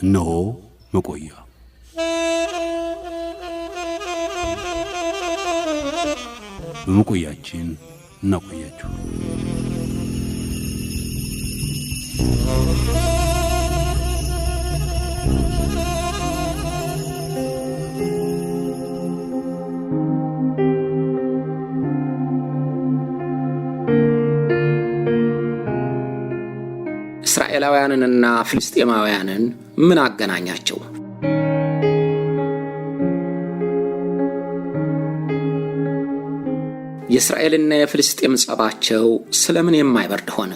እነሆ መቆያ በመቆያችን እናቆያችሁ። ኢትዮጵያውያንንና ፍልስጤማውያንን ምን አገናኛቸው? የእስራኤልና የፍልስጤም ጸባቸው ስለምን የማይበርድ ሆነ?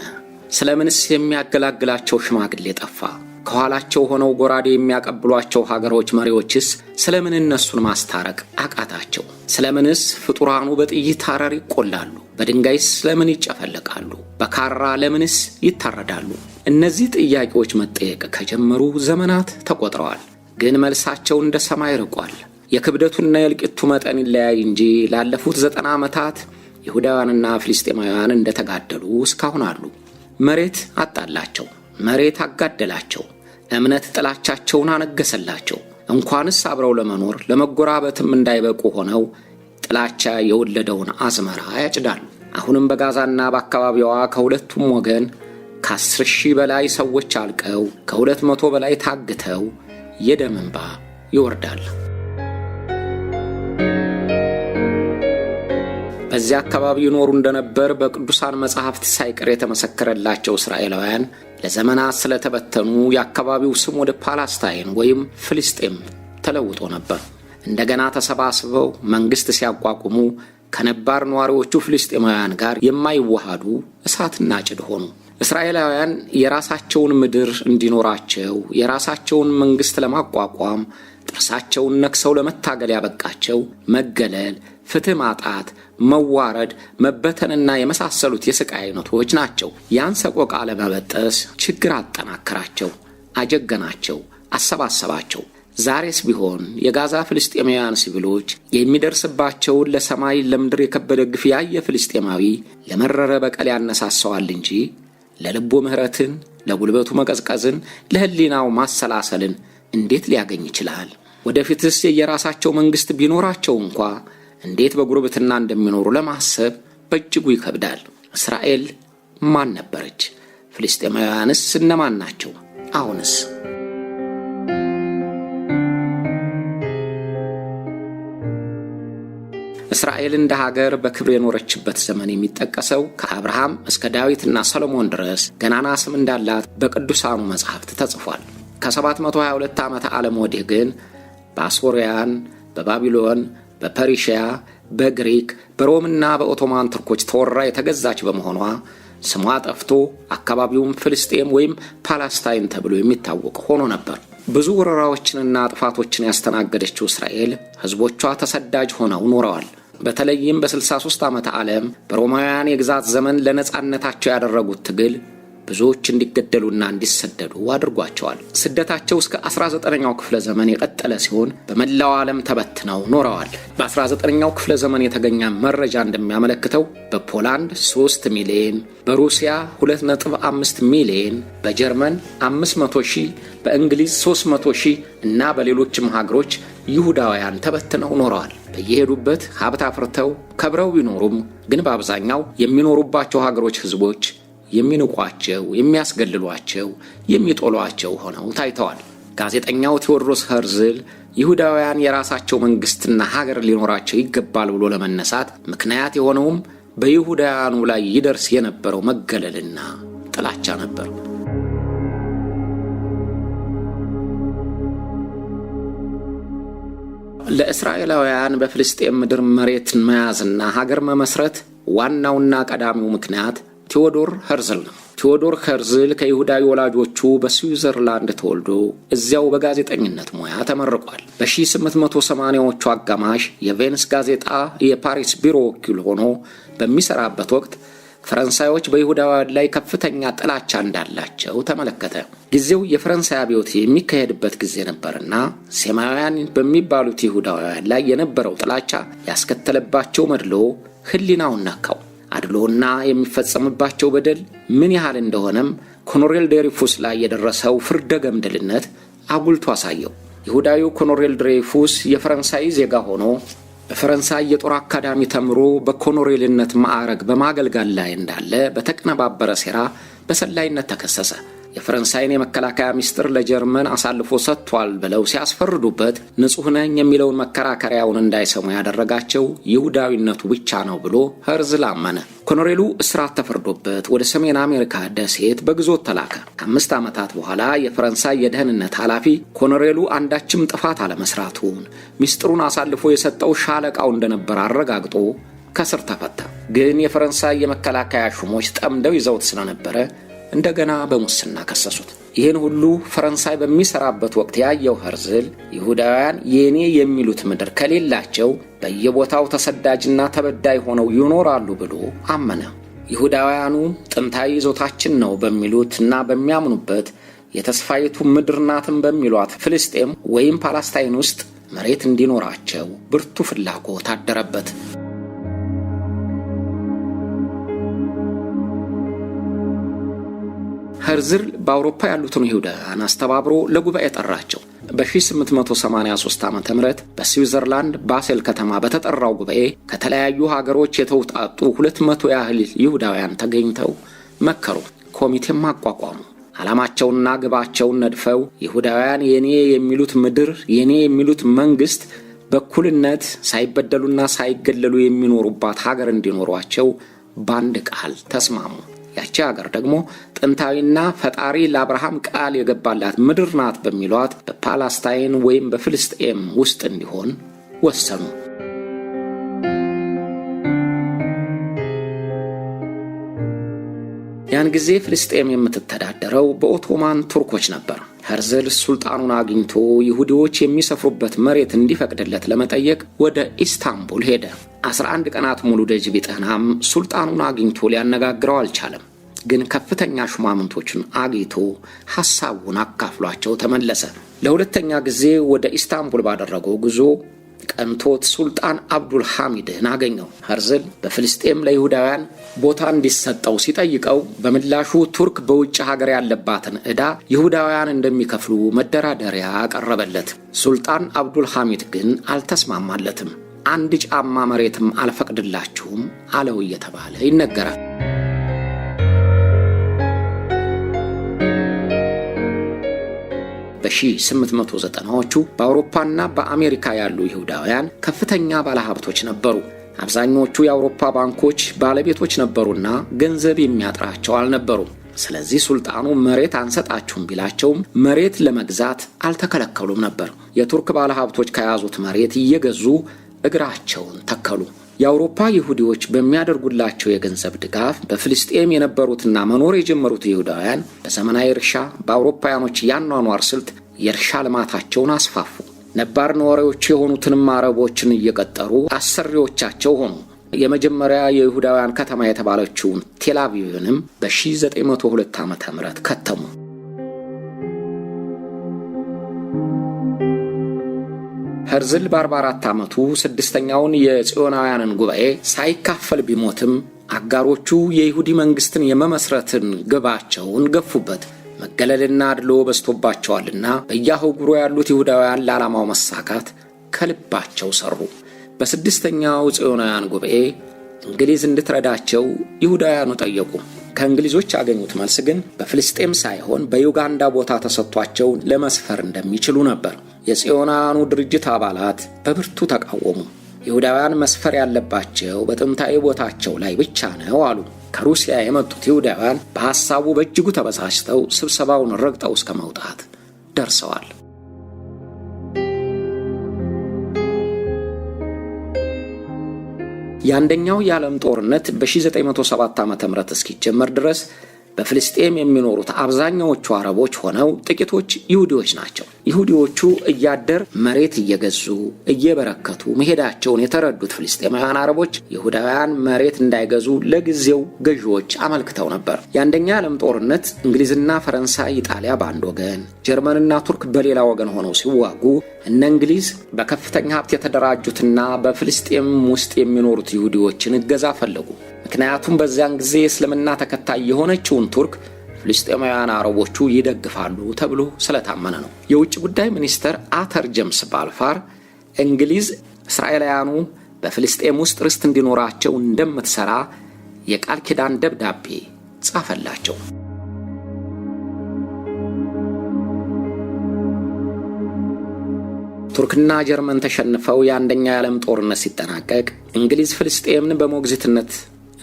ስለምንስ የሚያገላግላቸው ሽማግሌ ጠፋ? ከኋላቸው ሆነው ጎራዴ የሚያቀብሏቸው ሀገሮች መሪዎችስ ስለምን እነሱን ማስታረቅ አቃታቸው? ስለምንስ ፍጡራኑ በጥይት ሐረር ይቆላሉ? በድንጋይ ስለምን ይጨፈለቃሉ? በካራ ለምንስ ይታረዳሉ? እነዚህ ጥያቄዎች መጠየቅ ከጀመሩ ዘመናት ተቆጥረዋል። ግን መልሳቸው እንደ ሰማይ ርቋል። የክብደቱና የእልቂቱ መጠን ይለያይ እንጂ ላለፉት ዘጠና ዓመታት ይሁዳውያንና ፊልስጤማውያን እንደተጋደሉ እስካሁን አሉ። መሬት አጣላቸው፣ መሬት አጋደላቸው፣ እምነት ጥላቻቸውን አነገሰላቸው። እንኳንስ አብረው ለመኖር ለመጎራበትም እንዳይበቁ ሆነው ጥላቻ የወለደውን አዝመራ ያጭዳሉ። አሁንም በጋዛና በአካባቢዋ ከሁለቱም ወገን ከአስር ሺህ በላይ ሰዎች አልቀው ከሁለት መቶ በላይ ታግተው የደም እንባ ይወርዳል። በዚያ አካባቢ ይኖሩ እንደነበር በቅዱሳን መጻሕፍት ሳይቀር የተመሰከረላቸው እስራኤላውያን ለዘመናት ስለተበተኑ የአካባቢው ስም ወደ ፓላስታይን ወይም ፍልስጤም ተለውጦ ነበር። እንደገና ተሰባስበው መንግሥት ሲያቋቁሙ ከነባር ነዋሪዎቹ ፍልስጤማውያን ጋር የማይዋሃዱ እሳትና ጭድ ሆኑ። እስራኤላውያን የራሳቸውን ምድር እንዲኖራቸው የራሳቸውን መንግሥት ለማቋቋም ጥርሳቸውን ነክሰው ለመታገል ያበቃቸው መገለል ፍትህ ማጣት፣ መዋረድ፣ መበተንና የመሳሰሉት የስቃይ አይነቶች ናቸው። ያን ሰቆቃ ለመበጠስ ችግር አጠናከራቸው፣ አጀገናቸው፣ አሰባሰባቸው። ዛሬስ ቢሆን የጋዛ ፍልስጤማውያን ሲቪሎች የሚደርስባቸውን ለሰማይ ለምድር የከበደ ግፍ ያየ ፍልስጤማዊ ለመረረ በቀል ያነሳሰዋል እንጂ ለልቡ ምሕረትን፣ ለጉልበቱ መቀዝቀዝን፣ ለህሊናው ማሰላሰልን እንዴት ሊያገኝ ይችላል? ወደፊትስ የየራሳቸው መንግሥት ቢኖራቸው እንኳ እንዴት በጉርብትና እንደሚኖሩ ለማሰብ በእጅጉ ይከብዳል። እስራኤል ማን ነበረች? ፍልስጤማውያንስ እነማን ናቸው? አሁንስ እስራኤል እንደ ሀገር በክብር የኖረችበት ዘመን የሚጠቀሰው ከአብርሃም እስከ ዳዊትና ሰሎሞን ድረስ ገናና ስም እንዳላት በቅዱሳኑ መጽሐፍት ተጽፏል። ከ722 ዓመተ ዓለም ወዲህ ግን በአሶርያን፣ በባቢሎን በፐሪሺያ በግሪክ በሮምና በኦቶማን ትርኮች ተወራ የተገዛች በመሆኗ ስሟ ጠፍቶ አካባቢውም ፍልስጤም ወይም ፓላስታይን ተብሎ የሚታወቅ ሆኖ ነበር። ብዙ ወረራዎችንና ጥፋቶችን ያስተናገደችው እስራኤል ሕዝቦቿ ተሰዳጅ ሆነው ኖረዋል። በተለይም በ63 ዓመተ ዓለም በሮማውያን የግዛት ዘመን ለነፃነታቸው ያደረጉት ትግል ብዙዎች እንዲገደሉና እንዲሰደዱ አድርጓቸዋል። ስደታቸው እስከ 19ኛው ክፍለ ዘመን የቀጠለ ሲሆን በመላው ዓለም ተበትነው ኖረዋል። በ19ኛው ክፍለ ዘመን የተገኘ መረጃ እንደሚያመለክተው በፖላንድ 3 ሚሊዮን፣ በሩሲያ 2.5 ሚሊዮን፣ በጀርመን 500 ሺህ፣ በእንግሊዝ 300 ሺህ እና በሌሎችም ሀገሮች ይሁዳውያን ተበትነው ኖረዋል። በየሄዱበት ሀብት አፍርተው ከብረው ቢኖሩም ግን በአብዛኛው የሚኖሩባቸው ሀገሮች ህዝቦች የሚንቋቸው፣ የሚያስገልሏቸው፣ የሚጦሏቸው ሆነው ታይተዋል። ጋዜጠኛው ቴዎድሮስ ኸርዝል ይሁዳውያን የራሳቸው መንግሥትና ሀገር ሊኖራቸው ይገባል ብሎ ለመነሳት ምክንያት የሆነውም በይሁዳውያኑ ላይ ይደርስ የነበረው መገለልና ጥላቻ ነበር። ለእስራኤላውያን በፍልስጤም ምድር መሬትን መያዝና ሀገር መመስረት ዋናውና ቀዳሚው ምክንያት ቴዎዶር ኸርዝል ነው። ቴዎዶር ኸርዝል ከይሁዳዊ ወላጆቹ በስዊዘርላንድ ተወልዶ እዚያው በጋዜጠኝነት ሙያ ተመርቋል። በ1880ዎቹ አጋማሽ የቬንስ ጋዜጣ የፓሪስ ቢሮ ወኪል ሆኖ በሚሰራበት ወቅት ፈረንሳዮች በይሁዳውያን ላይ ከፍተኛ ጥላቻ እንዳላቸው ተመለከተ። ጊዜው የፈረንሳይ አብዮት የሚካሄድበት ጊዜ ነበርና ሴማውያን በሚባሉት ይሁዳውያን ላይ የነበረው ጥላቻ ያስከተለባቸው መድሎ ህሊናውን ነካው። አድሎና የሚፈጸምባቸው በደል ምን ያህል እንደሆነም ኮኖሬል ድሬፉስ ላይ የደረሰው ፍርደ ገምድልነት አጉልቶ አሳየው። ይሁዳዊው ኮኖሬል ድሬፉስ የፈረንሳይ ዜጋ ሆኖ በፈረንሳይ የጦር አካዳሚ ተምሮ በኮኖሬልነት ማዕረግ በማገልጋል ላይ እንዳለ በተቀነባበረ ሴራ በሰላይነት ተከሰሰ። የፈረንሳይን የመከላከያ ሚስጥር ለጀርመን አሳልፎ ሰጥቷል ብለው ሲያስፈርዱበት ንጹሕ ነኝ የሚለውን መከራከሪያውን እንዳይሰሙ ያደረጋቸው ይሁዳዊነቱ ብቻ ነው ብሎ ኸርዝ ላመነ። ኮኖሬሉ እስራት ተፈርዶበት ወደ ሰሜን አሜሪካ ደሴት በግዞት ተላከ። ከአምስት ዓመታት በኋላ የፈረንሳይ የደህንነት ኃላፊ ኮኖሬሉ አንዳችም ጥፋት አለመስራቱን ሚስጥሩን አሳልፎ የሰጠው ሻለቃው እንደነበር አረጋግጦ ከስር ተፈታ። ግን የፈረንሳይ የመከላከያ ሹሞች ጠምደው ይዘውት ስለነበረ እንደገና በሙስና ከሰሱት። ይህን ሁሉ ፈረንሳይ በሚሰራበት ወቅት ያየው ሀርዝል ይሁዳውያን የእኔ የሚሉት ምድር ከሌላቸው በየቦታው ተሰዳጅና ተበዳይ ሆነው ይኖራሉ ብሎ አመነ። ይሁዳውያኑ ጥንታዊ ይዞታችን ነው በሚሉት እና በሚያምኑበት የተስፋይቱ ምድር ናትን በሚሏት ፍልስጤም ወይም ፓላስታይን ውስጥ መሬት እንዲኖራቸው ብርቱ ፍላጎት አደረበት። ኸርዝል በአውሮፓ ያሉትን ይሁዳውያን አስተባብሮ ለጉባኤ ጠራቸው። በ1883 ዓ ም በስዊዘርላንድ ባሴል ከተማ በተጠራው ጉባኤ ከተለያዩ ሀገሮች የተውጣጡ 200 ያህል ይሁዳውያን ተገኝተው መከሩ፣ ኮሚቴም አቋቋሙ። ዓላማቸውና ግባቸውን ነድፈው ይሁዳውያን የኔ የሚሉት ምድር፣ የኔ የሚሉት መንግሥት በእኩልነት ሳይበደሉና ሳይገለሉ የሚኖሩባት ሀገር እንዲኖሯቸው በአንድ ቃል ተስማሙ። ያቺ ሀገር ደግሞ ጥንታዊና ፈጣሪ ለአብርሃም ቃል የገባላት ምድር ናት በሚሏት በፓላስታይን ወይም በፍልስጤም ውስጥ እንዲሆን ወሰኑ። ያን ጊዜ ፍልስጤም የምትተዳደረው በኦቶማን ቱርኮች ነበር። ሄርዝል ሱልጣኑን አግኝቶ ይሁዲዎች የሚሰፍሩበት መሬት እንዲፈቅድለት ለመጠየቅ ወደ ኢስታንቡል ሄደ። 11 ቀናት ሙሉ ደጅ ቢጠናም ሱልጣኑን አግኝቶ ሊያነጋግረው አልቻለም። ግን ከፍተኛ ሹማምንቶችን አግኝቶ ሐሳቡን አካፍሏቸው ተመለሰ። ለሁለተኛ ጊዜ ወደ ኢስታንቡል ባደረገው ጉዞ ቀንቶት ሱልጣን አብዱል ሐሚድን አገኘው። ሀርዝል በፍልስጤም ለይሁዳውያን ቦታ እንዲሰጠው ሲጠይቀው በምላሹ ቱርክ በውጭ ሀገር ያለባትን ዕዳ ይሁዳውያን እንደሚከፍሉ መደራደሪያ አቀረበለት። ሱልጣን አብዱል ሐሚድ ግን አልተስማማለትም። አንድ ጫማ መሬትም አልፈቅድላችሁም አለው እየተባለ ይነገራል። በ1890ዎቹ በአውሮፓና በአሜሪካ ያሉ ይሁዳውያን ከፍተኛ ባለሀብቶች ነበሩ። አብዛኞቹ የአውሮፓ ባንኮች ባለቤቶች ነበሩና ገንዘብ የሚያጥራቸው አልነበሩም። ስለዚህ ሱልጣኑ መሬት አንሰጣችሁም ቢላቸውም መሬት ለመግዛት አልተከለከሉም ነበር። የቱርክ ባለሀብቶች ከያዙት መሬት እየገዙ እግራቸውን ተከሉ። የአውሮፓ ይሁዲዎች በሚያደርጉላቸው የገንዘብ ድጋፍ በፍልስጤም የነበሩትና መኖር የጀመሩት ይሁዳውያን በዘመናዊ እርሻ በአውሮፓውያኖች ያኗኗር ስልት የእርሻ ልማታቸውን አስፋፉ። ነባር ነዋሪዎች የሆኑትንም አረቦችን እየቀጠሩ አሰሪዎቻቸው ሆኑ። የመጀመሪያ የይሁዳውያን ከተማ የተባለችውን ቴል በ1902 ዓ ም ከተሙ። ሄርዝል በ44 ዓመቱ ስድስተኛውን የጽዮናውያንን ጉባኤ ሳይካፈል ቢሞትም አጋሮቹ የይሁዲ መንግሥትን የመመስረትን ግባቸውን ገፉበት። መገለልና አድሎ በዝቶባቸዋልና በየአህጉሩ ያሉት ይሁዳውያን ለዓላማው መሳካት ከልባቸው ሠሩ። በስድስተኛው ጽዮናውያን ጉባኤ እንግሊዝ እንድትረዳቸው ይሁዳውያኑ ጠየቁ። ከእንግሊዞች ያገኙት መልስ ግን በፍልስጤም ሳይሆን በዩጋንዳ ቦታ ተሰጥቷቸው ለመስፈር እንደሚችሉ ነበር። የጽዮናኑ ድርጅት አባላት በብርቱ ተቃወሙ። ይሁዳውያን መስፈር ያለባቸው በጥንታዊ ቦታቸው ላይ ብቻ ነው አሉ። ከሩሲያ የመጡት ይሁዳውያን በሐሳቡ በእጅጉ ተበሳጭተው ስብሰባውን ረግጠው እስከ መውጣት ደርሰዋል። የአንደኛው የዓለም ጦርነት በ1907 ዓ ም እስኪጀመር ድረስ በፍልስጤም የሚኖሩት አብዛኛዎቹ አረቦች ሆነው ጥቂቶች ይሁዲዎች ናቸው። ይሁዲዎቹ እያደር መሬት እየገዙ እየበረከቱ መሄዳቸውን የተረዱት ፍልስጤማውያን አረቦች ይሁዳውያን መሬት እንዳይገዙ ለጊዜው ገዢዎች አመልክተው ነበር። የአንደኛ ዓለም ጦርነት እንግሊዝና ፈረንሳይ፣ ኢጣሊያ በአንድ ወገን፣ ጀርመንና ቱርክ በሌላ ወገን ሆነው ሲዋጉ እነ እንግሊዝ በከፍተኛ ሀብት የተደራጁትና በፍልስጤም ውስጥ የሚኖሩት ይሁዲዎችን እገዛ ፈለጉ። ምክንያቱም በዚያን ጊዜ እስልምና ተከታይ የሆነችውን ቱርክ ፍልስጤማውያን አረቦቹ ይደግፋሉ ተብሎ ስለታመነ ነው። የውጭ ጉዳይ ሚኒስትር አተር ጀምስ ባልፋር እንግሊዝ እስራኤላውያኑ በፍልስጤም ውስጥ ርስት እንዲኖራቸው እንደምትሰራ የቃል ኪዳን ደብዳቤ ጻፈላቸው። ቱርክና ጀርመን ተሸንፈው የአንደኛ የዓለም ጦርነት ሲጠናቀቅ እንግሊዝ ፍልስጤምን በሞግዚትነት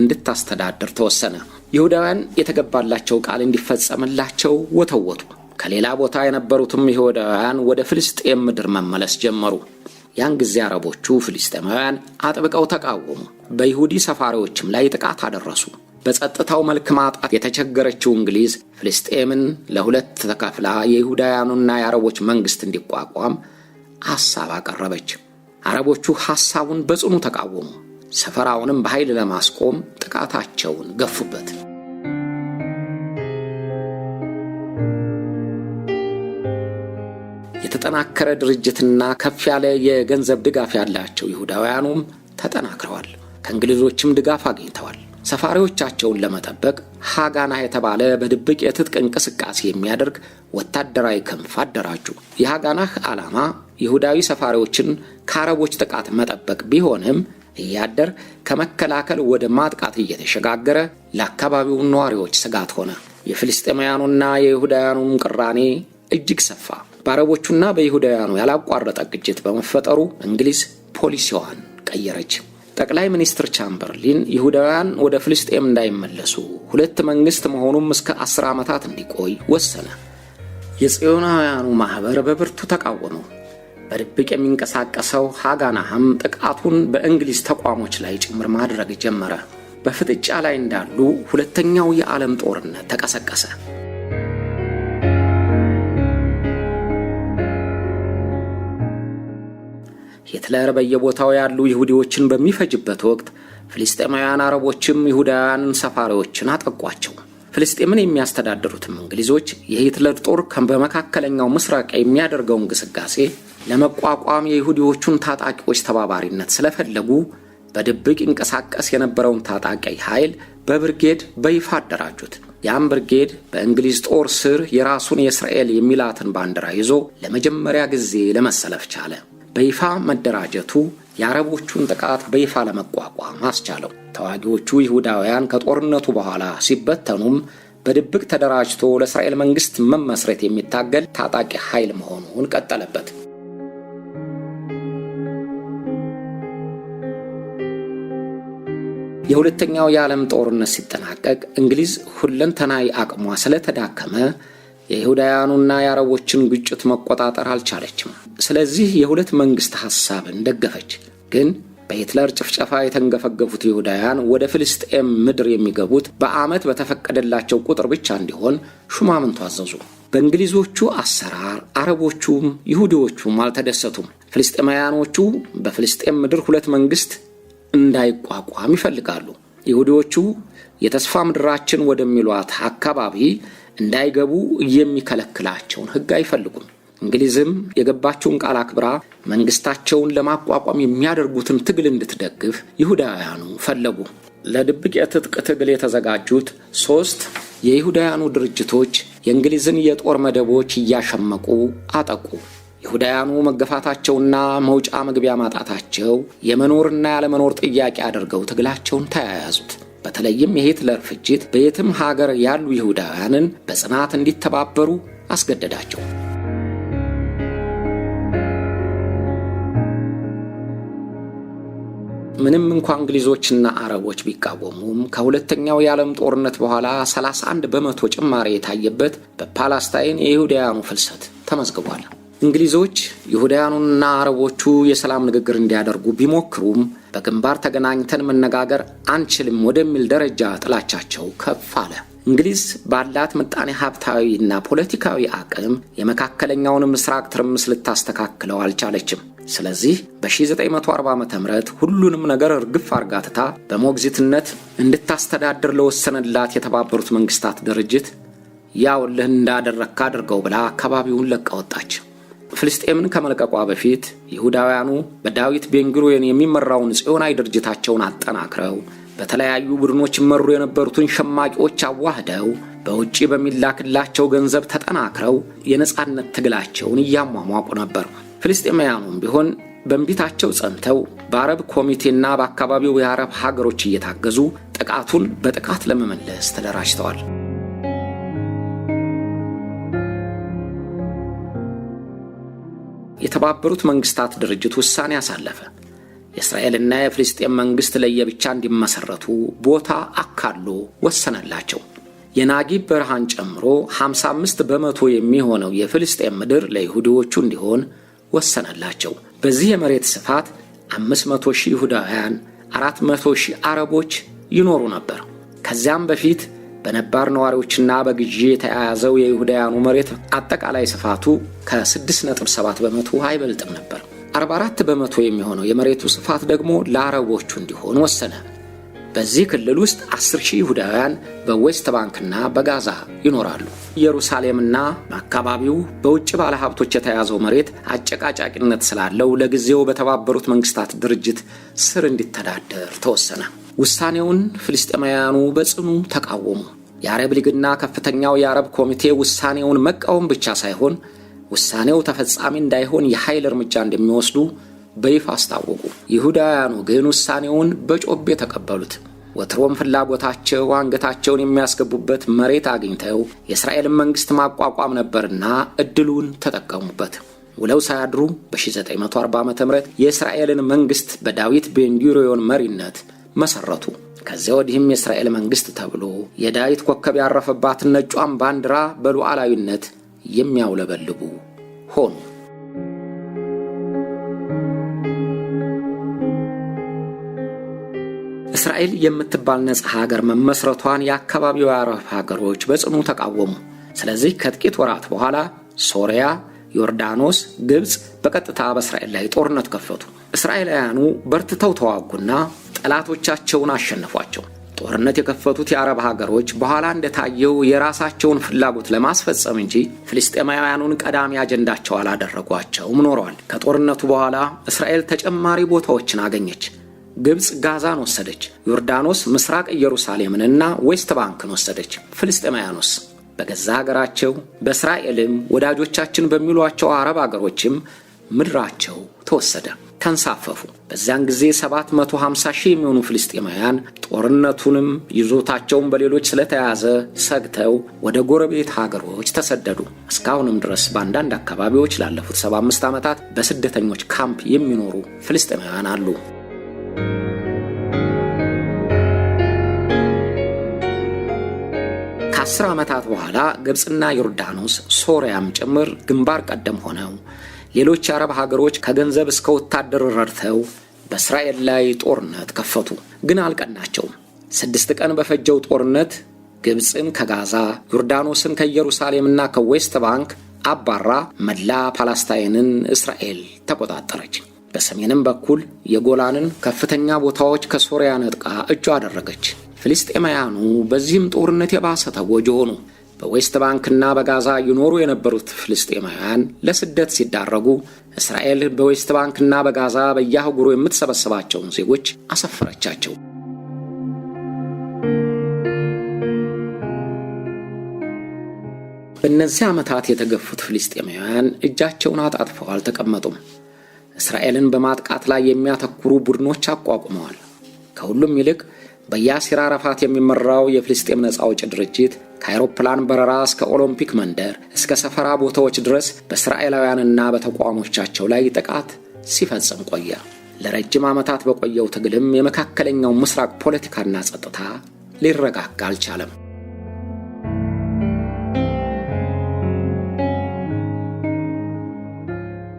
እንድታስተዳድር ተወሰነ። ይሁዳውያን የተገባላቸው ቃል እንዲፈጸምላቸው ወተወቱ። ከሌላ ቦታ የነበሩትም ይሁዳውያን ወደ ፍልስጤም ምድር መመለስ ጀመሩ። ያን ጊዜ አረቦቹ ፍልስጤማውያን አጥብቀው ተቃወሙ። በይሁዲ ሰፋሪዎችም ላይ ጥቃት አደረሱ። በጸጥታው መልክ ማጣት የተቸገረችው እንግሊዝ ፍልስጤምን ለሁለት ተከፍላ የይሁዳውያኑና የአረቦች መንግሥት እንዲቋቋም ሐሳብ አቀረበች። አረቦቹ ሐሳቡን በጽኑ ተቃወሙ። ሰፈራውንም በኃይል ለማስቆም ጥቃታቸውን ገፉበት። የተጠናከረ ድርጅትና ከፍ ያለ የገንዘብ ድጋፍ ያላቸው ይሁዳውያኑም ተጠናክረዋል። ከእንግሊዞችም ድጋፍ አግኝተዋል። ሰፋሪዎቻቸውን ለመጠበቅ ሃጋና የተባለ በድብቅ የትጥቅ እንቅስቃሴ የሚያደርግ ወታደራዊ ክንፍ አደራጁ። የሃጋናህ ዓላማ ይሁዳዊ ሰፋሪዎችን ከአረቦች ጥቃት መጠበቅ ቢሆንም እያደር ከመከላከል ወደ ማጥቃት እየተሸጋገረ ለአካባቢው ነዋሪዎች ስጋት ሆነ። የፍልስጤማውያኑና የይሁዳውያኑም ቅራኔ እጅግ ሰፋ። በአረቦቹና በይሁዳውያኑ ያላቋረጠ ግጭት በመፈጠሩ እንግሊዝ ፖሊሲዋን ቀየረች። ጠቅላይ ሚኒስትር ቻምበርሊን ይሁዳውያን ወደ ፍልስጤም እንዳይመለሱ ሁለት መንግሥት መሆኑም እስከ አስር ዓመታት እንዲቆይ ወሰነ። የጽዮናውያኑ ማኅበር በብርቱ ተቃወመው። በድብቅ የሚንቀሳቀሰው ሃጋናሃም ጥቃቱን በእንግሊዝ ተቋሞች ላይ ጭምር ማድረግ ጀመረ። በፍጥጫ ላይ እንዳሉ ሁለተኛው የዓለም ጦርነት ተቀሰቀሰ። ሂትለር በየቦታው ያሉ ይሁዲዎችን በሚፈጅበት ወቅት ፍልስጤማውያን አረቦችም ይሁዳውያንን ሰፋሪዎችን አጠቋቸው። ፍልስጤምን የሚያስተዳድሩትም እንግሊዞች የሂትለር ጦር በመካከለኛው ምስራቅ የሚያደርገው እንቅስቃሴ ለመቋቋም የይሁዲዎቹን ታጣቂዎች ተባባሪነት ስለፈለጉ በድብቅ ይንቀሳቀስ የነበረውን ታጣቂ ኃይል በብርጌድ በይፋ አደራጁት። ያም ብርጌድ በእንግሊዝ ጦር ስር የራሱን የእስራኤል የሚላትን ባንዲራ ይዞ ለመጀመሪያ ጊዜ ለመሰለፍ ቻለ። በይፋ መደራጀቱ የአረቦቹን ጥቃት በይፋ ለመቋቋም አስቻለው። ተዋጊዎቹ ይሁዳውያን ከጦርነቱ በኋላ ሲበተኑም በድብቅ ተደራጅቶ ለእስራኤል መንግሥት መመስረት የሚታገል ታጣቂ ኃይል መሆኑን ቀጠለበት። የሁለተኛው የዓለም ጦርነት ሲጠናቀቅ እንግሊዝ ሁለንተናዊ አቅሟ ስለተዳከመ የይሁዳውያኑና የአረቦችን ግጭት መቆጣጠር አልቻለችም። ስለዚህ የሁለት መንግሥት ሐሳብን ደገፈች። ግን በሂትለር ጭፍጨፋ የተንገፈገፉት ይሁዳውያን ወደ ፍልስጤም ምድር የሚገቡት በዓመት በተፈቀደላቸው ቁጥር ብቻ እንዲሆን ሹማምንቱ አዘዙ። በእንግሊዞቹ አሰራር አረቦቹም ይሁዲዎቹም አልተደሰቱም። ፍልስጤማውያኖቹ በፍልስጤም ምድር ሁለት መንግሥት እንዳይቋቋም ይፈልጋሉ። ይሁዲዎቹ የተስፋ ምድራችን ወደሚሏት አካባቢ እንዳይገቡ የሚከለክላቸውን ሕግ አይፈልጉም። እንግሊዝም የገባቸውን ቃል አክብራ መንግስታቸውን ለማቋቋም የሚያደርጉትን ትግል እንድትደግፍ ይሁዳውያኑ ፈለጉ። ለድብቅ የትጥቅ ትግል የተዘጋጁት ሶስት የይሁዳውያኑ ድርጅቶች የእንግሊዝን የጦር መደቦች እያሸመቁ አጠቁ። ይሁዳውያኑ መገፋታቸውና መውጫ መግቢያ ማጣታቸው የመኖርና ያለመኖር ጥያቄ አድርገው ትግላቸውን ተያያዙት። በተለይም የሂትለር ፍጅት በየትም ሀገር ያሉ ይሁዳውያንን በጽናት እንዲተባበሩ አስገደዳቸው። ምንም እንኳ እንግሊዞችና አረቦች ቢቃወሙም ከሁለተኛው የዓለም ጦርነት በኋላ 31 በመቶ ጭማሪ የታየበት በፓላስታይን የይሁዳውያኑ ፍልሰት ተመዝግቧል። እንግሊዞች ይሁዳውያኑና አረቦቹ የሰላም ንግግር እንዲያደርጉ ቢሞክሩም በግንባር ተገናኝተን መነጋገር አንችልም ወደሚል ደረጃ ጥላቻቸው ከፍ አለ። እንግሊዝ ባላት ምጣኔ ሀብታዊና ፖለቲካዊ አቅም የመካከለኛውን ምስራቅ ትርምስ ልታስተካክለው አልቻለችም። ስለዚህ በ1940 ዓ ም ሁሉንም ነገር እርግፍ አርጋትታ በሞግዚትነት እንድታስተዳድር ለወሰነላት የተባበሩት መንግስታት ድርጅት ያውልህ እንዳደረግካ አድርገው ብላ አካባቢውን ለቃ ወጣች። ፍልስጤምን ከመልቀቋ በፊት ይሁዳውያኑ በዳዊት ቤንግሩዌን የሚመራውን ጽዮናዊ ድርጅታቸውን አጠናክረው በተለያዩ ቡድኖች ይመሩ የነበሩትን ሸማቂዎች አዋህደው በውጭ በሚላክላቸው ገንዘብ ተጠናክረው የነፃነት ትግላቸውን እያሟሟቁ ነበር። ፍልስጤማውያኑም ቢሆን በእንቢታቸው ጸንተው በአረብ ኮሚቴና በአካባቢው የአረብ ሀገሮች እየታገዙ ጥቃቱን በጥቃት ለመመለስ ተደራጅተዋል። የተባበሩት መንግስታት ድርጅት ውሳኔ አሳለፈ። የእስራኤልና የፍልስጤም መንግስት ለየብቻ እንዲመሰረቱ ቦታ አካሎ ወሰነላቸው። የናጊብ በረሃን ጨምሮ 55 በመቶ የሚሆነው የፍልስጤም ምድር ለይሁዲዎቹ እንዲሆን ወሰነላቸው። በዚህ የመሬት ስፋት 500 ሺህ ይሁዳውያን፣ 400 ሺህ አረቦች ይኖሩ ነበር። ከዚያም በፊት በነባር ነዋሪዎችና በግዢ የተያያዘው የይሁዳውያኑ መሬት አጠቃላይ ስፋቱ ከ6.7 በመቶ አይበልጥም ነበር። 44 በመቶ የሚሆነው የመሬቱ ስፋት ደግሞ ለአረቦቹ እንዲሆን ወሰነ። በዚህ ክልል ውስጥ 10 ሺህ ይሁዳውያን በዌስት ባንክና በጋዛ ይኖራሉ። ኢየሩሳሌምና አካባቢው በውጭ ባለሀብቶች የተያዘው መሬት አጨቃጫቂነት ስላለው ለጊዜው በተባበሩት መንግስታት ድርጅት ስር እንዲተዳደር ተወሰነ። ውሳኔውን ፍልስጤማውያኑ በጽኑ ተቃወሙ። የአረብ ሊግና ከፍተኛው የአረብ ኮሚቴ ውሳኔውን መቃወም ብቻ ሳይሆን ውሳኔው ተፈጻሚ እንዳይሆን የኃይል እርምጃ እንደሚወስዱ በይፋ አስታወቁ። ይሁዳውያኑ ግን ውሳኔውን በጮቤ ተቀበሉት። ወትሮም ፍላጎታቸው አንገታቸውን የሚያስገቡበት መሬት አግኝተው የእስራኤልን መንግሥት ማቋቋም ነበርና እድሉን ተጠቀሙበት። ውለው ሳያድሩ በ1940 ዓ ም የእስራኤልን መንግሥት በዳዊት ቤንጉሪዮን መሪነት መሰረቱ። ከዚያ ወዲህም የእስራኤል መንግሥት ተብሎ የዳዊት ኮከብ ያረፈባትን ነጯን ባንዲራ በሉዓላዊነት የሚያውለበልቡ ሆኑ። እስራኤል የምትባል ነጻ ሀገር መመስረቷን የአካባቢው የአረብ ሀገሮች በጽኑ ተቃወሙ። ስለዚህ ከጥቂት ወራት በኋላ ሶሪያ፣ ዮርዳኖስ፣ ግብፅ በቀጥታ በእስራኤል ላይ ጦርነት ከፈቱ። እስራኤላውያኑ በርትተው ተዋጉና ጠላቶቻቸውን አሸነፏቸው። ጦርነት የከፈቱት የአረብ ሀገሮች በኋላ እንደታየው የራሳቸውን ፍላጎት ለማስፈጸም እንጂ ፍልስጤማውያኑን ቀዳሚ አጀንዳቸው አላደረጓቸውም ኖረዋል። ከጦርነቱ በኋላ እስራኤል ተጨማሪ ቦታዎችን አገኘች። ግብፅ ጋዛን ወሰደች። ዮርዳኖስ ምስራቅ ኢየሩሳሌምንና ዌስት ባንክን ወሰደች። ፍልስጤማውያኑስ በገዛ ሀገራቸው በእስራኤልም ወዳጆቻችን በሚሏቸው አረብ አገሮችም ምድራቸው ተወሰደ። ተንሳፈፉ። በዚያን ጊዜ 750 ሺህ የሚሆኑ ፍልስጤማውያን ጦርነቱንም ይዞታቸውን በሌሎች ስለተያዘ ሰግተው ወደ ጎረቤት ሀገሮች ተሰደዱ። እስካሁንም ድረስ በአንዳንድ አካባቢዎች ላለፉት 75 ዓመታት በስደተኞች ካምፕ የሚኖሩ ፍልስጤማውያን አሉ። ከአስር ዓመታት በኋላ ግብፅና ዮርዳኖስ ሶሪያም ጭምር ግንባር ቀደም ሆነው ሌሎች አረብ ሀገሮች ከገንዘብ እስከ ወታደር ረድተው በእስራኤል ላይ ጦርነት ከፈቱ። ግን አልቀናቸውም። ስድስት ቀን በፈጀው ጦርነት ግብፅን ከጋዛ ዮርዳኖስን ከኢየሩሳሌምና ከዌስት ባንክ አባራ መላ ፓላስታይንን እስራኤል ተቆጣጠረች። በሰሜንም በኩል የጎላንን ከፍተኛ ቦታዎች ከሶሪያ ነጥቃ እጇ አደረገች። ፍልስጤማውያኑ በዚህም ጦርነት የባሰ ተጎጂ ሆኑ። በዌስት ባንክና በጋዛ ይኖሩ የነበሩት ፍልስጤማውያን ለስደት ሲዳረጉ እስራኤል በዌስት ባንክና በጋዛ በየአህጉሩ የምትሰበስባቸውን ዜጎች አሰፈረቻቸው። በእነዚህ ዓመታት የተገፉት ፍልስጤማውያን እጃቸውን አጣጥፈው አልተቀመጡም። እስራኤልን በማጥቃት ላይ የሚያተኩሩ ቡድኖች አቋቁመዋል። ከሁሉም ይልቅ በያሲር አረፋት የሚመራው የፍልስጤም ነፃ አውጪ ድርጅት ከአይሮፕላን በረራ እስከ ኦሎምፒክ መንደር እስከ ሰፈራ ቦታዎች ድረስ በእስራኤላውያንና በተቋሞቻቸው ላይ ጥቃት ሲፈጽም ቆየ። ለረጅም ዓመታት በቆየው ትግልም የመካከለኛው ምስራቅ ፖለቲካና ጸጥታ ሊረጋጋ አልቻለም።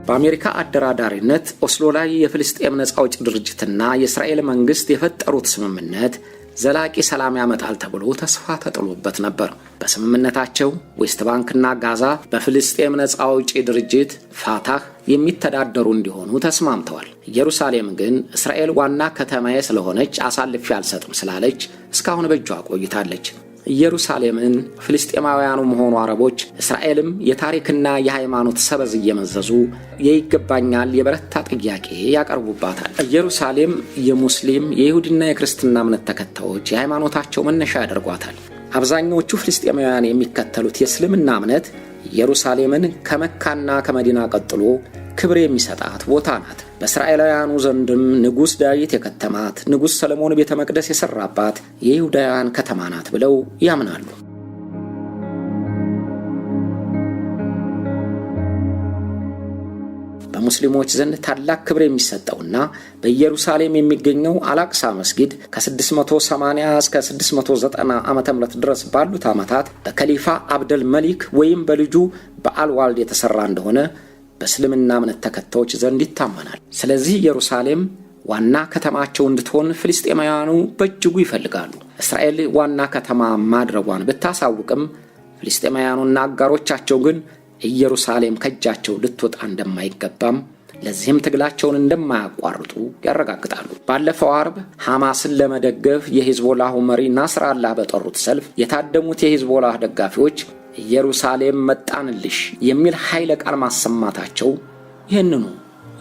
በአሜሪካ አደራዳሪነት ኦስሎ ላይ የፍልስጤም ነጻ አውጪ ድርጅትና የእስራኤል መንግሥት የፈጠሩት ስምምነት ዘላቂ ሰላም ያመጣል ተብሎ ተስፋ ተጥሎበት ነበር። በስምምነታቸው ዌስት ባንክና ጋዛ በፍልስጤም ነፃ አውጪ ድርጅት ፋታህ የሚተዳደሩ እንዲሆኑ ተስማምተዋል። ኢየሩሳሌም ግን እስራኤል ዋና ከተማዬ ስለሆነች አሳልፌ አልሰጥም ስላለች እስካሁን በእጇ ቆይታለች። ኢየሩሳሌምን ፍልስጤማውያኑ መሆኑ አረቦች እስራኤልም የታሪክና የሃይማኖት ሰበዝ እየመዘዙ የይገባኛል የበረታ ጥያቄ ያቀርቡባታል። ኢየሩሳሌም የሙስሊም የይሁድና የክርስትና እምነት ተከታዮች የሃይማኖታቸው መነሻ ያደርጓታል። አብዛኛዎቹ ፍልስጤማውያን የሚከተሉት የእስልምና እምነት ኢየሩሳሌምን ከመካና ከመዲና ቀጥሎ ክብር የሚሰጣት ቦታ ናት። በእስራኤላውያኑ ዘንድም ንጉሥ ዳዊት የከተማት ንጉሥ ሰለሞን ቤተ መቅደስ የሠራባት የይሁዳውያን ከተማ ናት ብለው ያምናሉ። በሙስሊሞች ዘንድ ታላቅ ክብር የሚሰጠውና በኢየሩሳሌም የሚገኘው አላቅሳ መስጊድ ከ680 እስከ 690 ዓ ም ድረስ ባሉት ዓመታት በከሊፋ አብደል መሊክ ወይም በልጁ በአልዋልድ የተሠራ እንደሆነ በእስልምና እምነት ተከታዮች ዘንድ ይታመናል። ስለዚህ ኢየሩሳሌም ዋና ከተማቸው እንድትሆን ፍልስጤማውያኑ በእጅጉ ይፈልጋሉ። እስራኤል ዋና ከተማ ማድረጓን ብታሳውቅም ፍልስጤማውያኑና አጋሮቻቸው ግን ኢየሩሳሌም ከእጃቸው ልትወጣ እንደማይገባም ለዚህም ትግላቸውን እንደማያቋርጡ ያረጋግጣሉ። ባለፈው አርብ ሐማስን ለመደገፍ የሂዝቦላሁ መሪ ናስራላህ በጠሩት ሰልፍ የታደሙት የሂዝቦላህ ደጋፊዎች ኢየሩሳሌም መጣንልሽ የሚል ኃይለ ቃል ማሰማታቸው ይህንኑ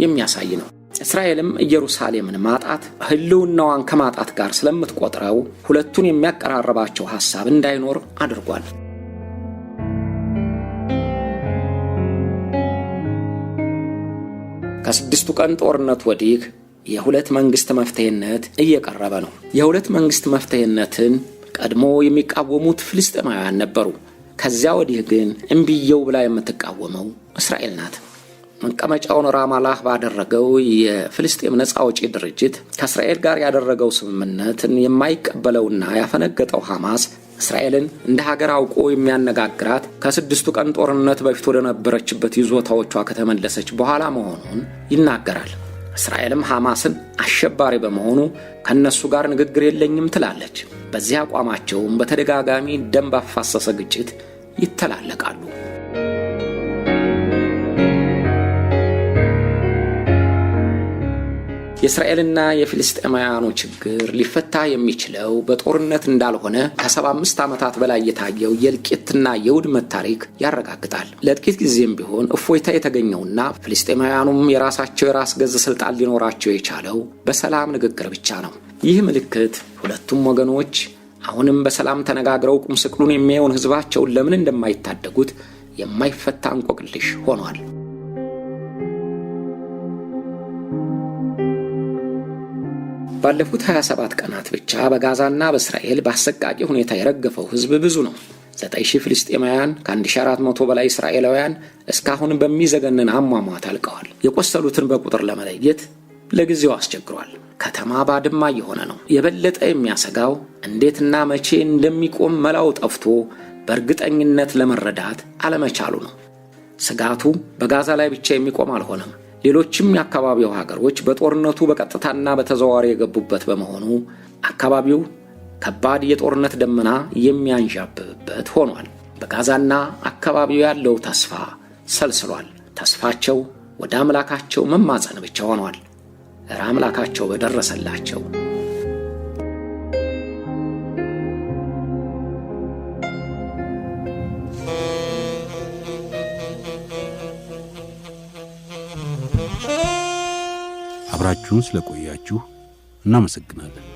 የሚያሳይ ነው። እስራኤልም ኢየሩሳሌምን ማጣት ሕልውናዋን ከማጣት ጋር ስለምትቆጥረው ሁለቱን የሚያቀራርባቸው ሐሳብ እንዳይኖር አድርጓል። ከስድስቱ ቀን ጦርነት ወዲህ የሁለት መንግሥት መፍትሄነት እየቀረበ ነው። የሁለት መንግሥት መፍትሄነትን ቀድሞ የሚቃወሙት ፍልስጥማውያን ነበሩ። ከዚያ ወዲህ ግን እምቢየው ብላ የምትቃወመው እስራኤል ናት። መቀመጫውን ራማላህ ባደረገው የፍልስጤም ነፃ አውጪ ድርጅት ከእስራኤል ጋር ያደረገው ስምምነትን የማይቀበለውና ያፈነገጠው ሐማስ እስራኤልን እንደ ሀገር አውቆ የሚያነጋግራት ከስድስቱ ቀን ጦርነት በፊት ወደነበረችበት ይዞታዎቿ ከተመለሰች በኋላ መሆኑን ይናገራል። እስራኤልም ሐማስን አሸባሪ በመሆኑ ከእነሱ ጋር ንግግር የለኝም ትላለች። በዚህ አቋማቸውም በተደጋጋሚ ደም ባፋሰሰ ግጭት ይተላለቃሉ። የእስራኤልና የፊልስጤማውያኑ ችግር ሊፈታ የሚችለው በጦርነት እንዳልሆነ ከ75 ዓመታት በላይ የታየው የእልቂትና የውድመት ታሪክ ያረጋግጣል። ለጥቂት ጊዜም ቢሆን እፎይታ የተገኘውና ፊልስጤማውያኑም የራሳቸው የራስ ገዝ ስልጣን ሊኖራቸው የቻለው በሰላም ንግግር ብቻ ነው። ይህ ምልክት ሁለቱም ወገኖች አሁንም በሰላም ተነጋግረው ቁምስቅሉን የሚያየውን ህዝባቸውን ለምን እንደማይታደጉት የማይፈታ እንቆቅልሽ ሆኗል። ባለፉት 27 ቀናት ብቻ በጋዛና በእስራኤል በአሰቃቂ ሁኔታ የረገፈው ህዝብ ብዙ ነው። 9000 ፍልስጤማውያን ከ1400 በላይ እስራኤላውያን እስካሁን በሚዘገንን አሟሟት አልቀዋል። የቆሰሉትን በቁጥር ለመለየት ለጊዜው አስቸግሯል። ከተማ ባድማ እየሆነ ነው። የበለጠ የሚያሰጋው እንዴትና መቼ እንደሚቆም መላው ጠፍቶ በእርግጠኝነት ለመረዳት አለመቻሉ ነው። ስጋቱ በጋዛ ላይ ብቻ የሚቆም አልሆነም። ሌሎችም የአካባቢው ሀገሮች በጦርነቱ በቀጥታና በተዘዋዋሪ የገቡበት በመሆኑ አካባቢው ከባድ የጦርነት ደመና የሚያንዣብብበት ሆኗል። በጋዛና አካባቢው ያለው ተስፋ ሰልስሏል። ተስፋቸው ወደ አምላካቸው መማፀን ብቻ ሆኗል። እረ አምላካቸው በደረሰላቸው አብራችሁን ስለቆያችሁ እናመሰግናለን።